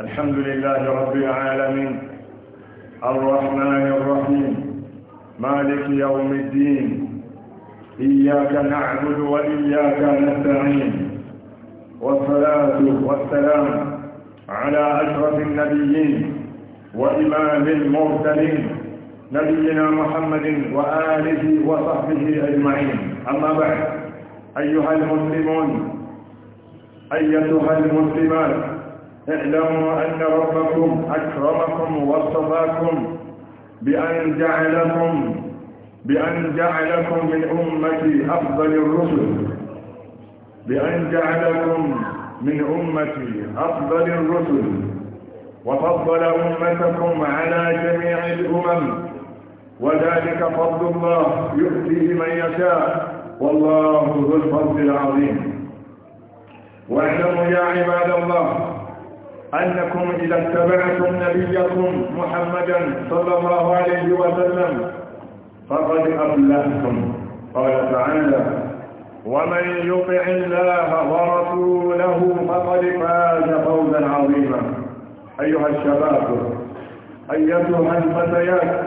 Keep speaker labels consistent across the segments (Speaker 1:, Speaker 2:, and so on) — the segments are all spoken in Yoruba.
Speaker 1: الحمد لله رب العالمين الرحمن الرحيم مالك يوم الدين إياك نعبد وإياك نستعين والصلاة والسلام على أشرف النبيين وإمام المرسلين نبينا محمد وآله وصحبه أجمعين أما بعد أيها المسلمون أيتها المسلمات اعلموا أن ربكم أكرمكم واصطفاكم بأن جعلكم بأن جعلكم من أمة أفضل الرسل بأن جعلكم من أمة أفضل الرسل وفضل أمتكم على جميع الأمم وذلك فضل الله يؤتيه من يشاء والله ذو الفضل العظيم واعلموا يا عباد الله أنكم إذا اتبعتم نبيكم محمدا صلى الله عليه وسلم فقد أفلحتم قال تعالى ومن يطع الله ورسوله فقد فاز فوزا عظيما أيها الشباب أيتها الفتيات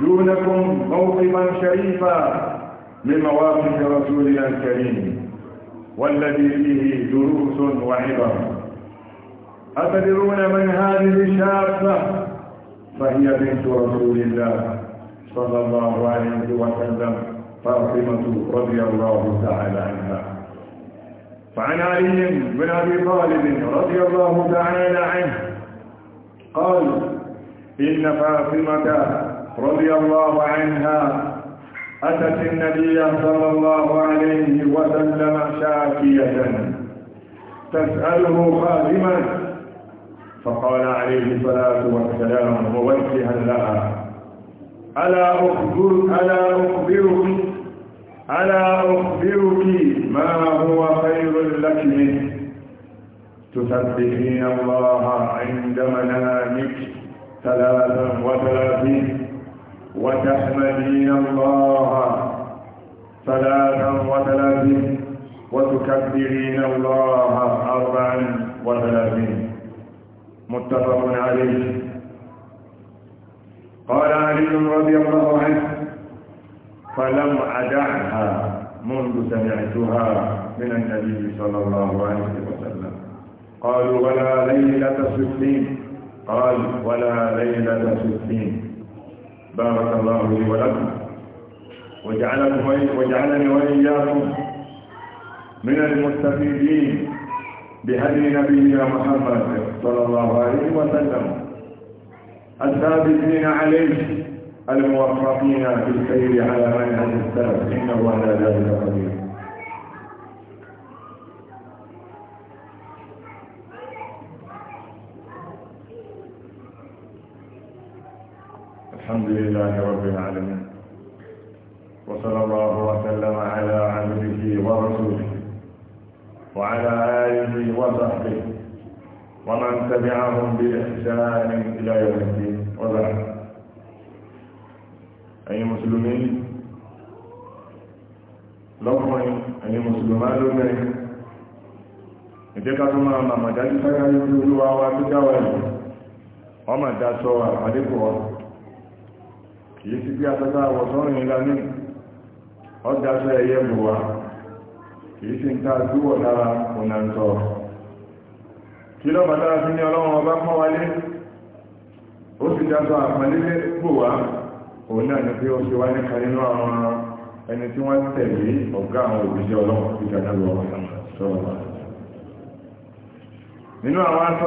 Speaker 1: دونكم موقفا شريفا من مواقف رسولنا الكريم والذي فيه دروس وعبر أتدرون من هذه الشابة فهي بنت رسول الله صلى الله عليه وسلم فاطمة رضي الله تعالى عنها فعن علي بن أبي طالب رضي الله تعالى عنه قال إن فاطمة رضي الله عنها أتت النبي صلى الله عليه وسلم شاكية تسأله خادما فقال عليه الصلاة والسلام موجها لها ألا أخبرك ألا أخبرك ألا أخبرك ما هو خير لك منه تسبحين الله عند منامك ثلاثا وثلاثين وتحمدين الله ثلاثا وثلاثين وتكبرين الله أربعا وثلاثين متفق عليه قال علي رضي الله عنه فلم أدعها منذ سمعتها من النبي صلى الله عليه وسلم قالوا ولا ليلة ستين قال ولا ليلة ستين بارك الله لي ولكم وجعلني وإياكم من المستفيدين بهدي نبينا محمد صلى الله عليه وسلم الثابتين عليه الموفقين في السير على منهج السلف انه على ذلك قدير الحمد لله رب العالمين وصلى الله وسلم على عبده ورسوله وعلى آله وصحبه ومن تبعهم بإحسان إلى يوم الدين وبعد أي مسلمين lọ́kùnrin ẹ̀yin mùsùlùmá lóbìnrin ìjẹ́ká tó máa màmàdájú sára ní olúwa wa tó dáwà ẹ̀ ọmọ ìdásọ́ àdékò ọ̀rọ̀ kìí sí bí atọ́ta àwọ̀ sọ́rùn ìlà ní ọjà sọ kìí sí nta dúwọ̀ lára ọ̀nà kí ló bàtà sí ní ọlọ́run ọba pọ́n wálé ó sì dájọ́ àpọ́nlélé bùwá òun náà ni pé ó ṣe wá ní kan àwọn ẹni tí wọ́n tẹ̀lé ọ̀gá àwọn òbíṣẹ́ ọlọ́run wá nínú àwọn aṣọ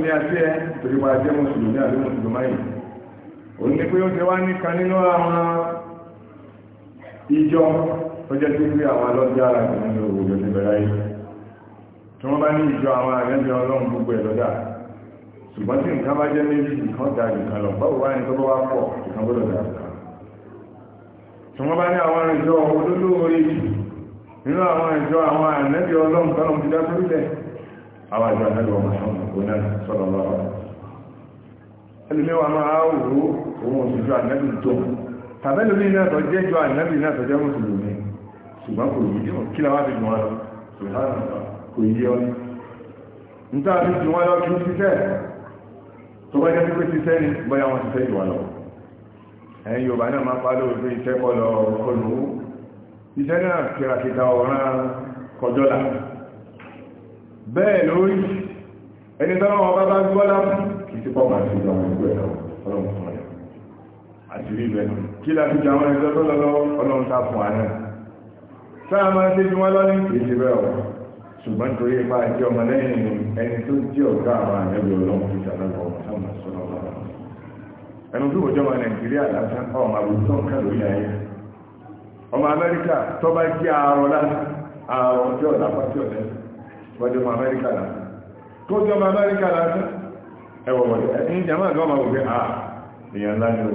Speaker 1: ní àti òun ni pé ó ti wá nìkan nínú àwọn ìjọ tó jẹ́ tí pé àwọn alọ́jẹ́ ara nínú òwòjò ti bẹ̀rẹ̀ ayé tí wọ́n bá ní ìjọ àwọn àrẹ́jẹ́ ọlọ́run gbogbo ẹ̀ lọ́dà ṣùgbọ́n tí nǹkan bá jẹ́ méjì nǹkan da nǹkan lọ báwo wá ní tó bá wá pọ̀ nǹkan gbọ́dọ̀ da nǹkan tí wọ́n bá ní àwọn ìjọ olólóore nínú àwọn ìjọ àwọn àrẹ́jẹ́ ọlọ́run tọ́lọ́run ti dá sórílẹ̀ àwọn ìjọ àrẹ́jẹ́ ọmọ ẹlùmíwà máa wò òun òṣìṣẹ́ ànábì tó tàbẹ́lùmí náà tọ́ jẹ́ jọ ànábì náà tọ́ jẹ́ mùsùlùmí ṣùgbọ́n kò yí díwọ̀n kí láwá fi jù wọn lọ kò yí ọ ní tá a fi jù wọn lọ kí ó ṣiṣẹ́ tó bá jẹ́ pípé ṣiṣẹ́ ni bóyá wọn ṣiṣẹ́ jù wọn lọ ẹ̀yin Yorùbá náà máa pálọ̀ òfin iṣẹ́ kọ́ lọ kọlù owó iṣẹ́ náà kìràkìtà ọ̀ràn kọjọ́là bẹ́ẹ̀ lórí ẹni tọ́lọ́wọ́ bá bá gbọ́lá fún kì í ti pọ́pàá sí ìjọ àwọn ẹgbẹ́ ọlọ́run fún ọ̀yà àti rí ibẹ̀ kí la fi jẹ àwọn ẹgbẹ́ tó lọ́lọ́ ọlọ́run tá fún àná sáà máa ṣe bí wọ́n lọ ní kì í ṣe bẹ́ẹ̀ ọ̀ ṣùgbọ́n torí ipa jẹ́ ọmọ lẹ́yìn ẹni tó jẹ́ ọ̀gá àwọn àyẹ̀wò ọlọ́run fi ṣàlọ́lọ́ ọmọ sọ́nà ọlọ́run ẹnu tó wòjọ́ ọmọ nàìjíríà lásán ọmọ àbúrúsọ nǹkan lórí ayé ọmọ amẹ́ríkà tó bá jẹ́ àárọ̀ lásán àárọ̀ ọjọ́ ọ̀dà pàṣẹ ọ̀dẹ́ wọ́n jẹ́ ọmọ amẹ́ríkà lásán tó jẹ́ ọmọ amẹ́ríkà lásán ẹwọ̀wọ̀ ní jama gọ́mà òfin à èèyàn ńlá ni ó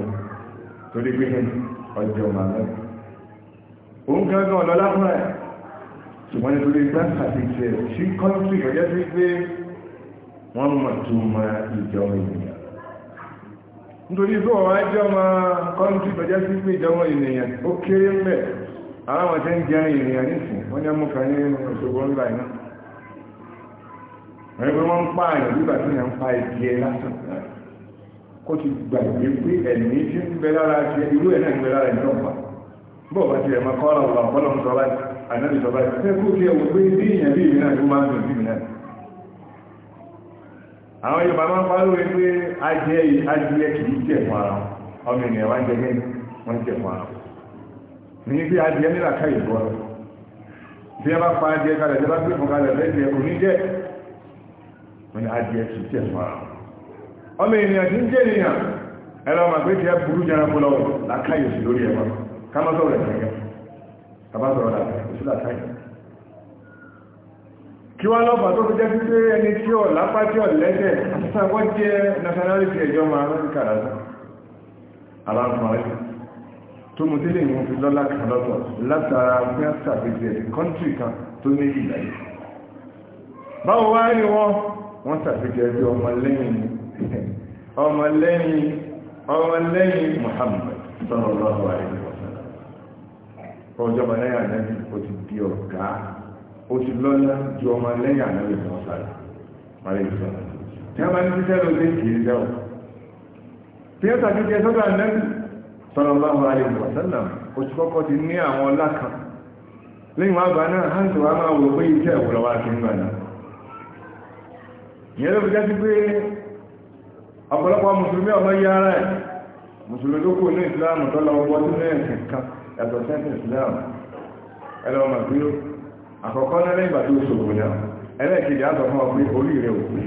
Speaker 1: òun kan gan ọ̀lọ́lá fún ẹ̀ ṣùgbọ́n gbá ọjọ́ pé wọ́n mọ̀ tó ma ìjọba ènìyàn nítorí pé wọ́n á ma kọ́ńtì ọjọ́ sí pé ìjọba ènìyàn ó kéré mẹ́ àwọn ọ̀tẹ́ ń jẹ́ ènìyàn nísìn wọ́n ní wọ́n pẹ́ wọ́n ń pa àyàn nígbà tí wọ́n ń pa ìdí ẹ lásán kó ti gbàgbé pé ẹ̀mí tí ń bẹ lára ti irú ẹ̀ náà ń bẹ lára ẹ̀mí ọ̀pá bọ́ọ̀ bá ti rẹ̀ máa kọ́ra ọ̀la ọ̀pọ̀lọ́ ń sọ báyìí ànábì sọ báyìí fẹ́ kó fi ẹ̀wọ̀ pé bí èèyàn bí èmi náà máa ń dùn sí mi náà. àwọn Yorùbá máa ń pa lóore pé ajẹ́ ajẹ́ kì í jẹ̀ fún ara ọmọ ènìyàn wá ń jẹ wọ́n fún ara. wọ́n ni adìẹ tún tẹ̀ fara ọmọ ènìyàn tí ń jẹ́ ènìyàn ẹ̀rọ ọmọ àgbẹ̀ tí ẹ burú jẹ́ ẹranko lọ́wọ́ làákàyè sí lórí ẹ̀wọ̀n ká má sọ̀rọ̀ ẹ̀kẹ́kẹ́ ká má sọ̀rọ̀ ẹ̀kẹ́kẹ́ làákàyè kí wá lọ́pàá tó fi jẹ́ pípé ẹni tí ọ̀ lápá tí ọ̀ lẹ́sẹ̀ àtúntà wọ́n jẹ́ nationality ẹ̀jọ́ máa rán kàrà sá aláǹfààní tó mú délé ìwọ̀n wá ní wọ́n wọ́n sàfihàn bí ọmọlẹ́yìn ọmọlẹ́yìn ọmọlẹ́yìn Muhammad sallallahu alaihi wasallam ọjọ́bà lẹ́yìn ànábì ti di ọ̀gá ó ti lọ́lá ju ọmọlẹ́yìn ànábì mọ́sálà alaihi wasallam tí a bá ní títẹ́ ló dé kìí dẹ́wọ̀ tí ó sàfihàn sọ́dọ̀ ìyẹn ló fi jẹ́ sí pé ọ̀pọ̀lọpọ̀ mùsùlùmí ọmọ yí ara ẹ̀ mùsùlùmí tó kù ní ìsìláàmù tó lọ wọ́n tún lẹ́yìn kankan yàtọ̀ sẹ́sìn ìsìláàmù ẹlọ́wọ́ mà bí ó àkọ́kọ́ náà lẹ́yìn bàtí ó ṣòwò náà ẹlẹ́ẹ̀kejì á sọ fún ọ pé orí rẹ̀ ò pé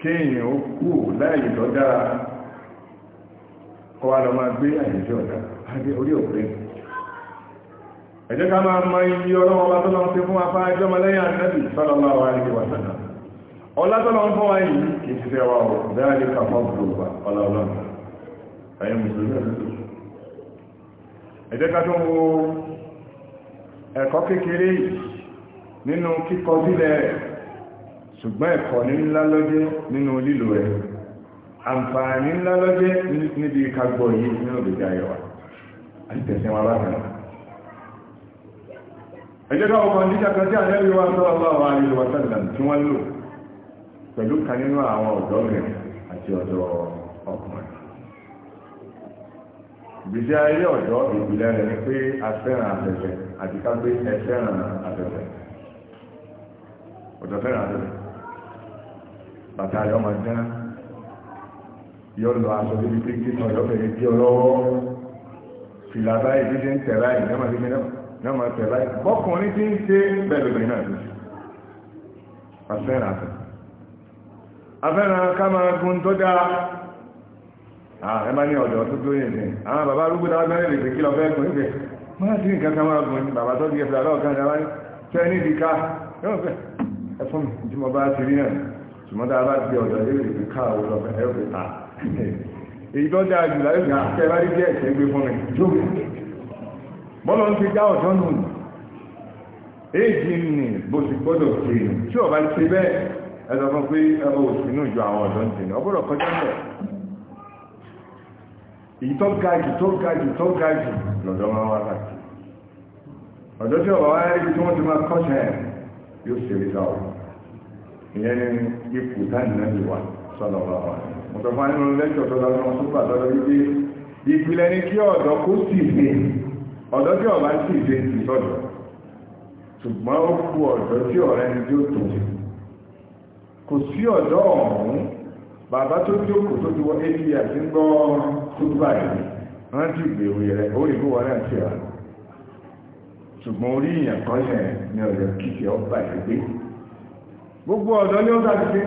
Speaker 1: kéèyàn ó kú láàyè tó dára kọ́ wa lọ máa gbé àyè tí ọ̀dà á gbé orí ò pé ẹjẹ́ ká máa ma iye ọlọ́wọ́ bá tọ́lọ fi fún afá ẹjọ́ mọ́lẹ́yìn ànábì sallallahu alaihi wa sallam ọlá tọ́lọ fún wa yìí kì í ṣiṣẹ́ wa ò bẹ́ẹ̀ lè kà fọ́ gbogbo ọlá ọlọ́run ẹ̀yẹ mùsùlùmí ọ̀dọ́dọ́ ẹjẹ́ ká tó ṣùgbọ́n ẹ̀kọ́ ní ńlá nínú lílo ẹ̀ àǹfààní ńlá níbi ìkagbọ̀ yìí nínú òdòdó ayẹwà àti tẹ̀sìn wa bá ẹjẹ́ káwọn kọndíṣà kan tí a lẹ́rí wá sallallahu alaihi wa sallam tí wọ́n lò pẹ̀lú kan nínú àwọn ọ̀dọ́ àti ọ̀dọ́ ọkùnrin ìgbésí ayé ọ̀dọ́ ìgbìlẹ̀ rẹ̀ ni pé afẹ́ràn afẹ́fẹ́ àti ká pé ẹfẹ́ràn afẹ́fẹ́ ọ̀dọ́ fẹ́ràn afẹ́fẹ́ bàtà rẹ̀ ọmọ dán yọ lọ aṣọ bíbí pé kí ọ̀dọ́ fẹ́rẹ̀ bí ọlọ́wọ́ fìlà báyìí bí ṣe ń tẹ̀ báyìí yọ máa tẹ̀ láì bọ́kùnrin tí ń ṣe bẹ́ẹ̀lẹ̀bẹ̀rẹ̀ náà ti ṣe àfẹ́ràn àfẹ́ afẹ́ràn ká máa gun tó dáa ẹ máa ní ọ̀dọ̀ tó tó yẹn ní àwọn bàbá arúgbó dáa gbẹ́rẹ́ lè fi kí lọ fẹ́ gùn níbẹ̀ máa sí nǹkan ká máa gun bàbá tó di ẹ̀fẹ̀ àlọ́ọ̀kan dáa wáyé tẹ́ ní ìdí ká yọ fẹ́ ẹ fún bọ́lọ̀ ń ti dá ọ̀dọ́ nù èjì nì bó ti gbọ́dọ̀ ṣe tí ọba ṣe bẹ́ẹ̀ ẹ̀sọ́ pé ẹ̀rọ òsínú ju àwọn ọ̀dọ́ ń tẹ̀lé ọgbọ́dọ̀ kọjá bẹ̀ èyí tó ga tó ga tó ga jù máa wá láti ọ̀dọ́ tí ọba wá rí tí wọ́n ti máa kọ́ṣẹ́ yóò ṣe rí sáwọ́ ìyẹn ni ipò táyì náà ti wà sọ́dọ̀ ọ̀rọ̀ wa mo ọ̀dọ́ tí ọ̀bá sì ṣe ti sọ́dọ̀ ṣùgbọ́n ó kú ọ̀dọ́ tí ọ̀rẹ́ ni tí ó tó ṣe kò sí ọ̀dọ́ ọ̀hún bàbá tó jókòó tó ti wọ éjì àti ń gbọ́ túbà yìí rántí ìgbèrú rẹ̀ ó lè kó wọlé àti ẹ̀rọ ṣùgbọ́n orí ìyàn kan yẹn ni ọ̀dọ̀ kìkì ọba ìgbé gbogbo ọ̀dọ́ ní ó sáà ti ṣe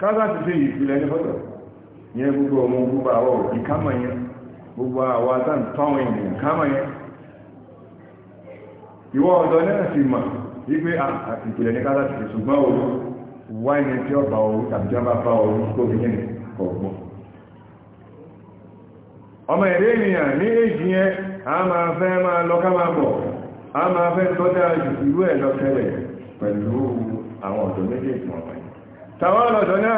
Speaker 1: káàkà ti ṣe ìpìlẹ̀ ní fọ́tọ̀ yẹn gbogbo ọmọ gbogbo àwọ̀ ìkámọ̀ yẹn gbogbo àwọ̀ àtàntọ́wọ̀ ènìyàn kámọ̀ yẹn ìwọ ọ̀dọ́ náà sì mọ̀ wípé ah, ìpìlẹ̀ ní tìkì ṣùgbọ́n wá tí ó bá tàbí bá ọmọ ẹ̀rẹ́ ènìyàn ní èjì yẹn a máa fẹ́ máa lọ ká máa bọ̀ a máa fẹ́ tọ́jà ju irú ẹ̀ lọ tẹ́lẹ̀ pẹ̀lú àwọn ọ̀dọ́ méjèèjì wọn wọ̀nyí. tàwọn náà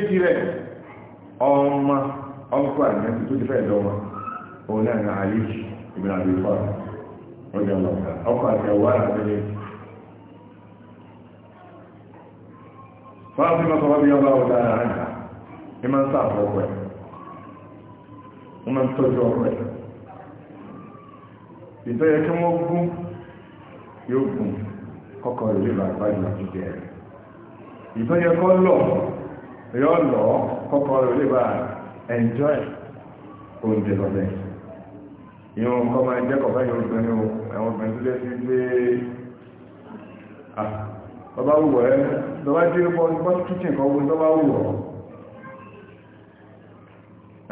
Speaker 1: yìí ọmọ ọmọ ọkọ àgbẹ̀ntì tó ti fẹ́ lọ́wọ́ òun náà ní àlè ìgbìmọ̀ àbí fọ́ ọjọ́ ọlọ́ta ọkọ àti ọwọ́ àgbẹ̀lẹ̀ fọ́n fi mọ́kọ́ bí ọba ọ̀dà àgbà ní máa ń sáàpọ̀ ọkọ̀ ẹ̀ wọ́n máa ń tọ́jú ọkọ̀ ẹ̀ ìtọ́yẹ kí wọ́n gún yóò gùn kọ́kọ́ ìlú ìbàgbà ìgbà jíjẹ ìtọ́yẹ kọ́ lọ yọ́ lọ́ọ́ kọ́kọ́ rẹ̀ lè bá enjoy oúnjẹ lọ́bẹ̀ yóò kọ́ máa jẹ́ kọ̀ọ̀bá yóò gbẹ́ ní àwọn obìnrin tó jẹ́ sí pé bàbá ah, wùwọ̀ ẹ́ lọ́wọ́ dé bọ́ kíchìn kan wọ́n tó bá wùwọ̀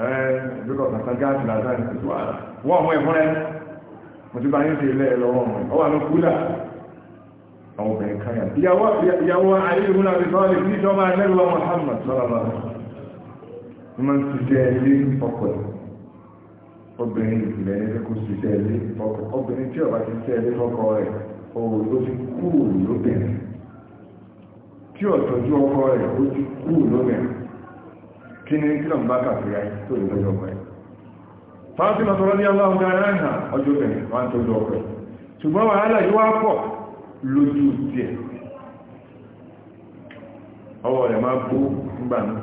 Speaker 1: ẹ́ bíkọ̀ kankan gáàsì lásán ní kòtò wàhálà wọ́n ọmọ ìfúnrẹ́ mo ti bá yín sí ilé ẹ̀ lọ́wọ́ ọmọ ọwà ló kúlà àwọn obìnrin kan yà ìyàwó ayélujára ti sọ́ọ́ lè fi ìjọba ẹgbẹ́ lọ́wọ́ Muhammad sọ́lá lọ́wọ́ wọ́n máa ń ṣiṣẹ́ ilé ọkọ̀ obìnrin ìpìlẹ̀ ní kó ṣiṣẹ́ ilé ọkọ̀ obìnrin tí ọba ti ṣiṣẹ́ ilé ọkọ̀ rẹ̀ òun ló ti kú lóbìnrin tí ọ̀tọ́jú ọkọ̀ rẹ̀ ó ti kú lóbìnrin kí ni kí lọ́n bá kàfíà tó lè lọ́jọ́ ọkọ̀ rẹ̀ fáwọn tó rọ́dí aláwọ̀ dára ẹ̀hà ọjọ́ bẹ̀rẹ̀ wọ́n tó lọ ọkọ̀ ṣùgbọ́n wàhálà yìí wá pọ̀ lójú díẹ̀ ọwọ́ rẹ̀ máa bú nígbà náà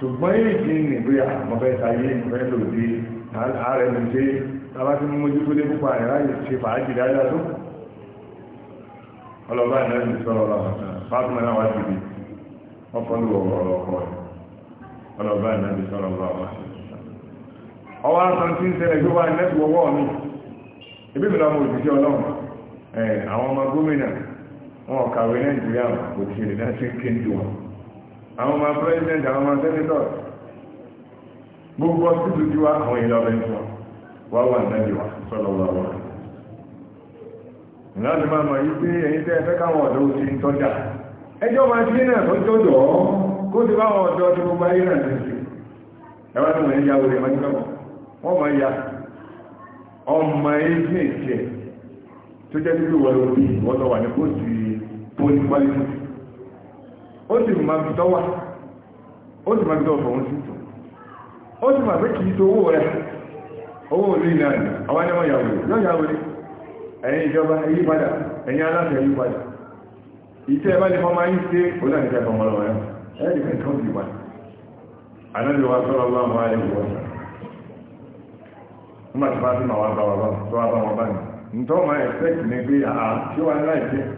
Speaker 1: ṣùgbọ́n èyí kí ní bóyá mọ̀fẹ́ sáyé mọ̀fẹ́ lòdì ààrẹ mi ṣe tàbá tí mo jí kúlé púpọ̀ àìrá yìí ṣe fàájì dáadáa tó ọlọ́ba ìnáwó ti sọ̀rọ̀ ọ̀rọ̀ fáfúnmọ́ náà wá sí ibi ọkọ̀ lù ọ̀rọ̀ ọkọ̀ rẹ̀ ọlọ́ba ìnáwó ti sọ̀rọ̀ ọ̀rọ̀ ọwọ́ asan tí ń ṣẹlẹ̀ tó wá nẹ́tù ọwọ́ mi ibi mi lọ́mọ òṣìṣẹ́ ọlọ́run àwọn ọmọ gómìnà wọn kàwé nàìjíríà kò tiẹ̀ náà ṣe kéńdù wọn àwọn ọmọ president àwọn ọmọ senator gbogbo ọsibítù tí wá àwọn ìlú wà wà nẹ́bí wa wà wà. ìlànà máa mọ̀ yí pé ẹ̀yin tẹ́ ẹ káwọn ọ̀dọ́ ti ń tọ́jà ẹjọ́ máa náà tó kó ti báwọn ọ̀dọ́ tí gbogbo ayé náà ti ṣe wọ́n ya orí wọ́n máa ya ọmọ ẹgbẹ́ tó jẹ́ wọ́n wọ́n wà ní kó ó sì mọ̀ bí tọ́wà ó o ó sì mọ̀ pé kìí tó owó rẹ̀ owó olú ìlànà àwọn ẹ̀mọ̀ yàwó yóò yàwó rí ìjọba yí padà aláṣẹ yí ìtẹ́ bá ní fọ́mọ́ yí sí onáìjẹ́ fọmọ́ lọ́wọ́ rẹ̀ ẹ̀ẹ́dì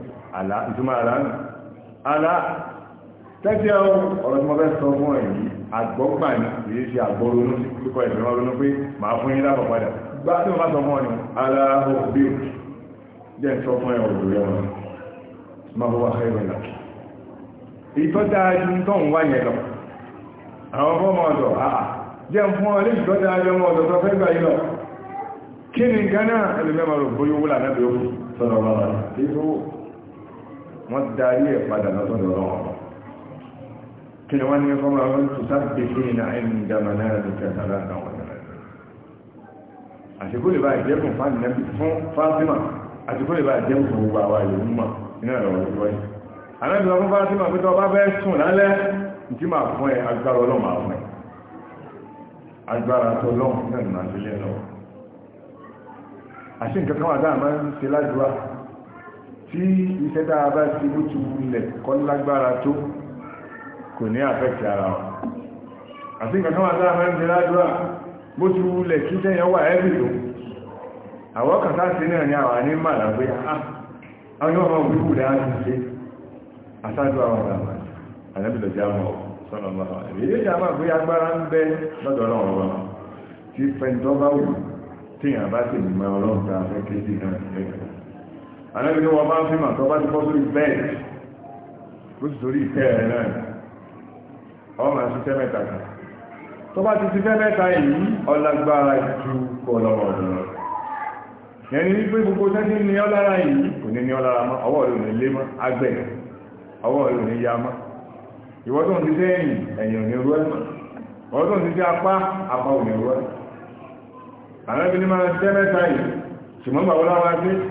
Speaker 1: àlá ìtumọ̀ àlá nù àlá tẹ́tí ẹ̀hún ọ̀rọ̀ tí mo fẹ́ sọ fún ẹ̀ yìí àgbọ́gbà ní èyí ṣe àgbọ́ronú kíkọ́ ìfẹ́mọ́ ronú pé màá fún yín lábọ̀ padà gbá tí mo bá sọ fún ọ̀nà ara òbí jẹ́ sọ fún ẹ̀ òbí rẹ̀ wọn máa wọ́n wáhẹ́ ìwé lọ. ìtọ́ dáadé tó ń wáyé lọ àwọn fọ́mọ ọ̀dọ̀ àà jẹ́ fún ọ lè ìtọ́ dáadé ọmọ ọ̀dọ̀ tó fẹ́ gbà yìí lọ kí ni gánà ẹlẹ́mẹ́mọ̀ rò bóyá owó wọ́n darí ẹ̀ padà lọ́sọ̀dọ̀ lọ́wọ́ kí ni wọ́n ní kọ́ máa wọ́n tó sábẹ̀ kí ní àìní dáma náà ló tẹ́ sára àwọn ọ̀dọ̀ àṣìkò lè bá ìjẹ́kùn fún fásímà àṣìkò lè bá ìjẹ́kùn fún gbogbo àwọn ìlú mọ̀ iná ìrọ̀ ìjọ yìí àmẹ́bí lọ fún fásímà pé tọ́ bá fẹ́ sùn lálẹ́ tí máa fún ẹ agbára ọlọ́mà fún ẹ tó lọ́mù náà nà sílẹ̀ lọ nǹkan kan wà dáa máa ń ṣe lájúwà tí iṣẹ́ tá a bá ti bó ti wulẹ̀ kọ́ lágbára tó kò ní àfẹ́kì ara wọn àti nǹkan kan wà sára máa bó ti wulẹ̀ kí wà ẹ́bì tó náà ni àwọn ní màlà ah, àwọn yóò máa wíwù lẹ́ àti ṣe aṣáájú àwọn ọ̀làmà àlẹ́bìlẹ̀ jẹ́ àmọ́ sọ́nà ọmọ àwọn èyí jẹ́ ala tí fẹ́ntọ́ bá sì mọ ọlọ́run tá a fẹ́ kéjì anábi wọ́n bá ń fi màá tó bá ti kọ́ sórí bẹ́ẹ̀dì ó sì torí ìtẹ́ rẹ̀ náà ọmọ àti tẹ́ mẹ́ta kan tó bá ti ti tẹ́ mẹ́ta yìí ọlágbára ju kọ lọ́wọ́ ọ̀dọ́ yẹn ni wípé gbogbo tẹ́tí ní ọlára yìí kò ní ní ọlára mọ́ ọwọ́ rẹ̀ ò ní lé mọ́ agbẹ̀ ọwọ́ rẹ̀ ò ní yá mọ́ ìwọ́n tó ń ti sẹ́yìn ẹ̀yìn ò ní ọ̀rọ̀ ṣùgbọ́n gbàgbọ́ láwọn ẹgbẹ́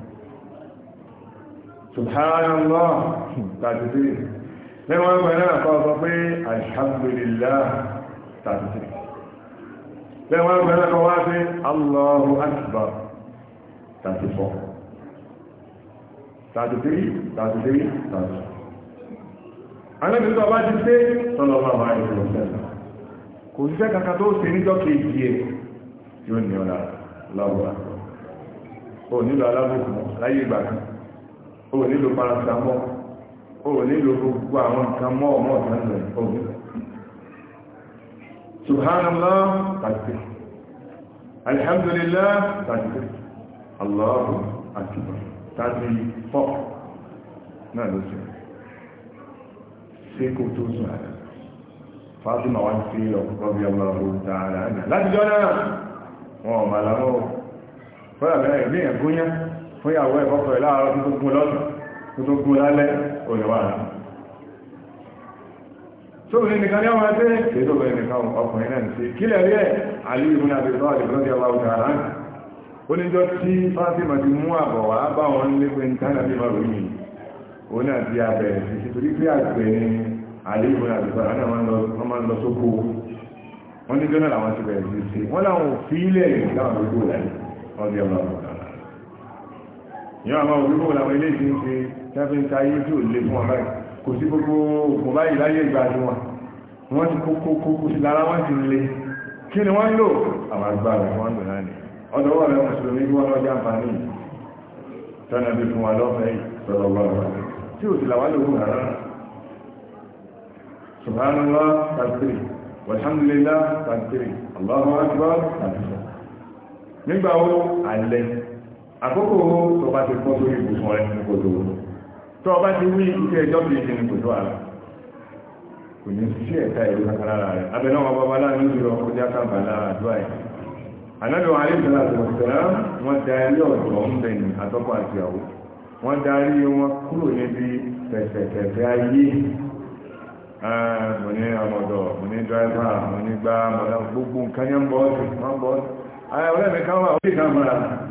Speaker 1: subhanallah tàbí lẹ́wọ́n gbẹ̀ náà kọ́ sọ pé alhamdulillah tàbí lẹ́wọ́n gbẹ̀ náà kọ́ wá sí allahu akbar tàbí fọ́ tàbí tàbí tàbí anábìtọ́ bá ti pé sọ́lọ́wọ́ àwọn àìsàn kò sí kàkà tó ṣe níjọ́ kejì ẹ̀ yóò ní ọ̀la lọ́wọ́ ò nílò alábòkù láyé ìgbà kan o ò nílò paracetamol o ò nílò gbogbo àwọn nǹkan mọ́ ọmọ ọ̀sán rẹ̀ òun subhanallah tàbí alhamdulillah tàbí allahu akbar tàbí fọ́ náà ló sọ ṣé kò tó sùn àrẹ fásimà wá sí ọ̀pọ̀ bí ọmọ láti jọ náà wọn ò mà lámọ́ fọ́nà ní ẹ̀kúnyá fún ìyàwó ẹ̀ fọ́kọ̀ ẹ̀ láàárọ̀ tó gún lọ́sùn tó tó gún lálẹ́ òyìnbá rẹ̀ tó ní nìkan ní ọmọ ẹgbẹ́ ètò bẹ̀rẹ̀ nìkan ọkùnrin náà sí kílẹ̀ rí ẹ̀ àlú ìbúnà àti ìtọ́ àti ìbúnà ìyàwó àwùjọ oníjọ́ tí fásitì ti mú àbọ̀ wá bá wọn ní pé ń tánà bí màrú yìí òun náà ti abẹ̀rẹ̀ sí torí pé àgbẹ̀ ni àlú ìbúnà àti ìtọ́ àti wọ́n máa ń lọ sóko wọ́n ní jọ́nà làwọn ti bẹ̀rẹ̀ sí sí wọ́n láwọn ò fi ilẹ̀ láwọn gbogbo láyé ọdí yọ àmọ́ òbíkò làwọn ilé ìsìn ṣe tẹ́fẹ́ ń ta ayé tí ò lè fún wọn báyìí kò sí gbogbo ògùn báyìí láyé ìgbà ni wọn wọ́n ti kó kó kó sí lára wọ́n ti le kí ni wọ́n lò àwọn agbára wọn lò náà ni ọdọwọ́ rẹ̀ mùsùlùmí bí wọ́n lọ jàǹfààní tọ́nà bí fún wa lọ́fẹ̀ẹ́ sọ̀rọ̀ lọ́wọ́ tí ò sì làwọn lògùn rárá subhanallah tàbí walhamdulillah tàbí Allahu akbar tàbí nígbà wo alẹ́ àkókò tó bá ti kọ́ sórí ìbùsùn rẹ̀ ní kò tó tó ọba ti wí iṣẹ́ ẹjọ́ bí i ní kò tó àlà kò ní sí ẹ̀ka ìlú kankan lára rẹ̀ abẹ́nà wọn bá bálá ní ìlú ọkọ̀ já kàmbà lára àdúrà ẹ̀ anábìwọ̀n alẹ́sọ̀rọ̀ àtọ̀tọ̀rọ̀ wọ́n da ilé ọ̀dọ́ ń bẹ̀ ní àtọ́kọ̀ àti àwò wọ́n darí wọn kúrò níbi pẹ̀sẹ̀pẹ̀sẹ̀ ayé mo ní ọmọdọ̀ mo ní dráìvà mo ní gbá mo ní gbogbo nǹkan yẹn ń bọ́ ọ́ sí wọ́n bọ́ ọ́ sí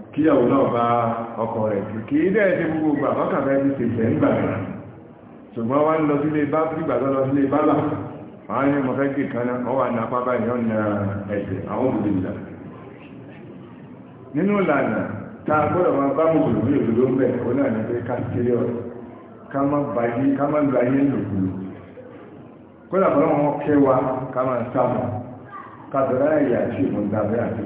Speaker 1: kíyàwó náà bá ọkọ rẹ̀ jù kí ilé ẹ̀ ti gbogbo àbọ́kàfẹ́ ti tètè ń gbàgbà ṣùgbọ́n wá ń lọ sílé bá gbígbà lọ lọ sílé bá là àwọn ní mo fẹ́ gé kan náà ọwọ́ àná apá báyìí ọ̀ na ẹ̀jẹ̀ àwọn òbí là nínú ìlànà tá a gbọ́dọ̀ máa bá mòkòlò bí òdodo ń bẹ̀ ní pé ká kódà fọlọ́ wọn kẹ́ wa ká máa sábà ká àti ìmúdàbẹ́ àti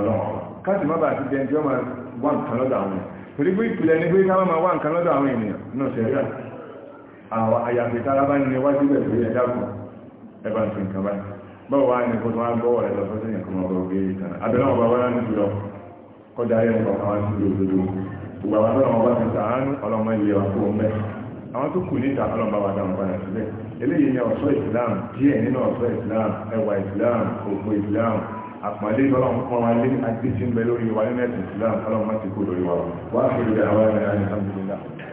Speaker 1: ọlọ́wọ́ káàsì má bàa ti jẹ́ ẹjọ́ máa wá nǹkan lọ́dọ̀ àwọn ènìyàn torí pé ìpìlẹ̀ ni pé ká má máa wá nǹkan lọ́dọ̀ àwọn ènìyàn náà ṣe rí àwọn àyàfi tára bá ní wájú bẹ̀ pé ẹjá kù ẹ bá ń fi nǹkan báyìí báwo wá ní kó tó wá gbọ́wọ́ rẹ lọ sọ́sẹ̀ yẹn kó máa bọ̀ gbé ìtàn e abẹ́rẹ́ wọn bá ní jùlọ kọjá ayé nǹkan kan wá sí lódodo àwọn tó kù níta ọlọ́mọ bá dáhùn padà sílẹ̀ eléyìí ni ọ̀ṣọ́ ìsìláàmù díẹ̀ nínú ọ̀ṣọ́ ìsìláàmù ẹwà ìsìláàmù òkú ìsìláàmù àpàlẹ́ ọlọ́run kọ́ wọn lé àti tí ń bẹ lórí wa nínú ẹ̀sìn Islam ọlọ́run má ti kó lórí wa wá àpèjọ àwọn ẹ̀rọ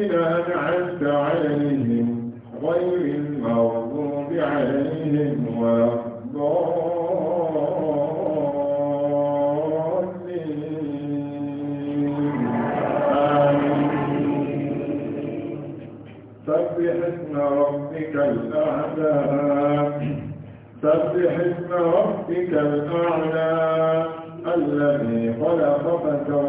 Speaker 1: الذين أنعمت عليهم غير المغضوب عليهم ولا الضالين سبح اسم ربك الأعلى سبح اسم ربك الأعلى الذي خلق فسوى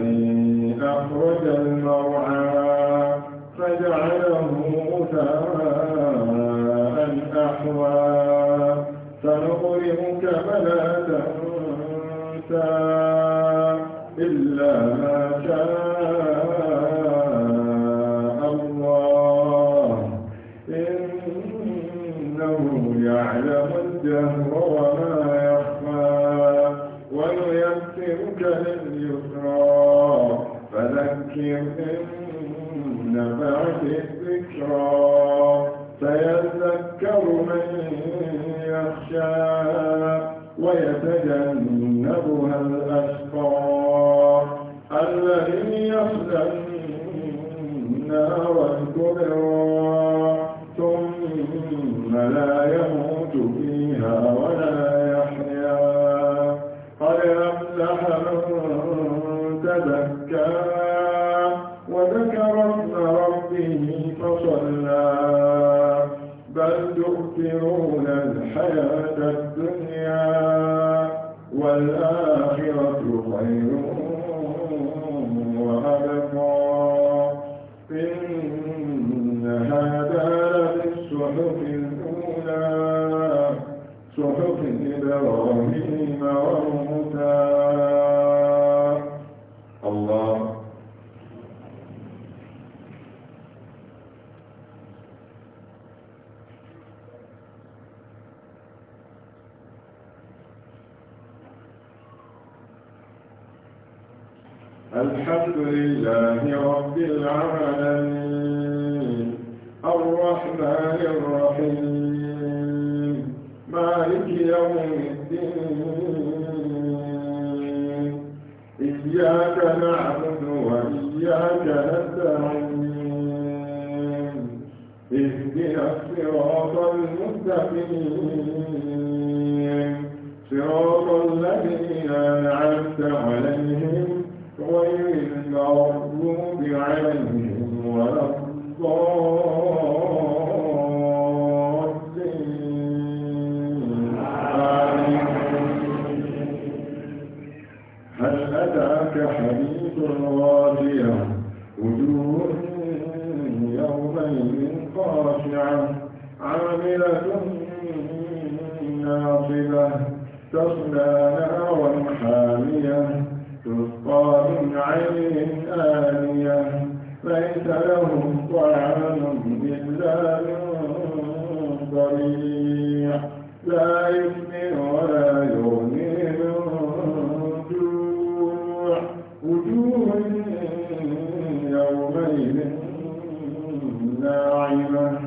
Speaker 1: الذي أخرج المرعى فجعله أحوى فلا تنسى الرحيم مالك يوم الدين إياك نعبد وإياك نستعين اهدنا الصراط المستقيم من عين آنية ليس لهم طعام إلا من ضريع لا يسمن ولا يغني من جوع وجوه يومئذ ناعمة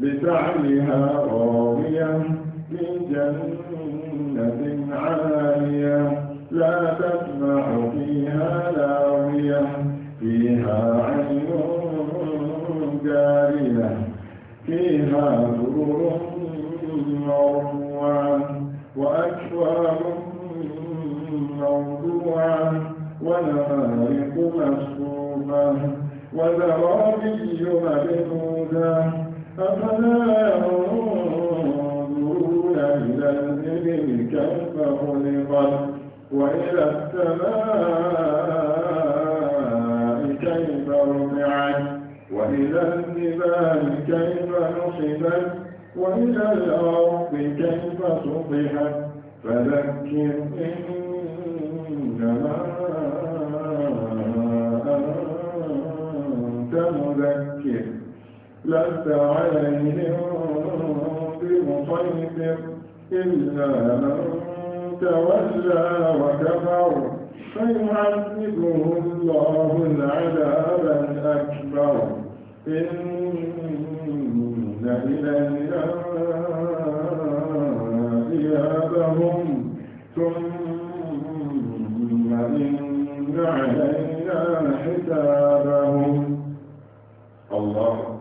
Speaker 1: لسعيها راضية في جنة عالية لا تسمع فيها سرر مرضوى وأكواب موضوعة ونمارق مسكوبة وزرابي مبثوثة أفلا ينظرون إلى الإبل كيف خلقت وإلى السماء وإلى الجبال كيف نصبت وإلى الأرض كيف سطحت فذكر إنما أنت مذكر لست عليهم بمصيبر إلا من تولى وكفر فيعذبه الله العذاب الأكبر إن إلينا إيابهم ثم إن علينا حسابهم الله